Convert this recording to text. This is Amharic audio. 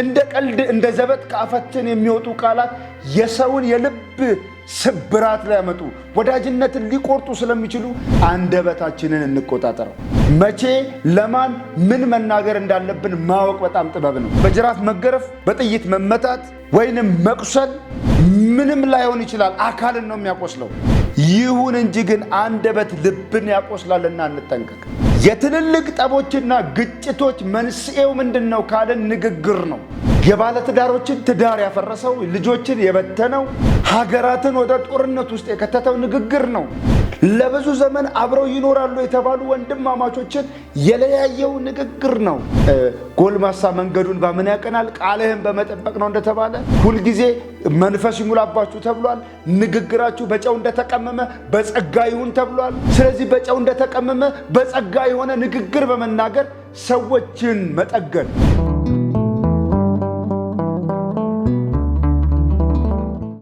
እንደ ቀልድ እንደ ዘበት ከአፋችን የሚወጡ ቃላት የሰውን የልብ ስብራት ሊያመጡ ወዳጅነትን ሊቆርጡ ስለሚችሉ አንደበታችንን እንቆጣጠረው። መቼ ለማን ምን መናገር እንዳለብን ማወቅ በጣም ጥበብ ነው። በጅራፍ መገረፍ፣ በጥይት መመታት ወይንም መቁሰል ምንም ላይሆን ይችላል። አካልን ነው የሚያቆስለው። ይሁን እንጂ ግን አንደበት ልብን ያቆስላልና እንጠንቀቅ። የትልልቅ ጠቦችና ግጭቶች መንስኤው ምንድን ነው ካለን ንግግር ነው። የባለትዳሮችን ትዳር ያፈረሰው፣ ልጆችን የበተነው፣ ሀገራትን ወደ ጦርነት ውስጥ የከተተው ንግግር ነው። ለብዙ ዘመን አብረው ይኖራሉ የተባሉ ወንድማማቾችን የለያየው ንግግር ነው። ጎልማሳ መንገዱን በምን ያቀናል? ቃልህን በመጠበቅ ነው እንደተባለ ሁልጊዜ መንፈስ ይሙላባችሁ ተብሏል። ንግግራችሁ በጨው እንደተቀመመ በጸጋ ይሁን ተብሏል። ስለዚህ በጨው እንደተቀመመ በጸጋ የሆነ ንግግር በመናገር ሰዎችን መጠገን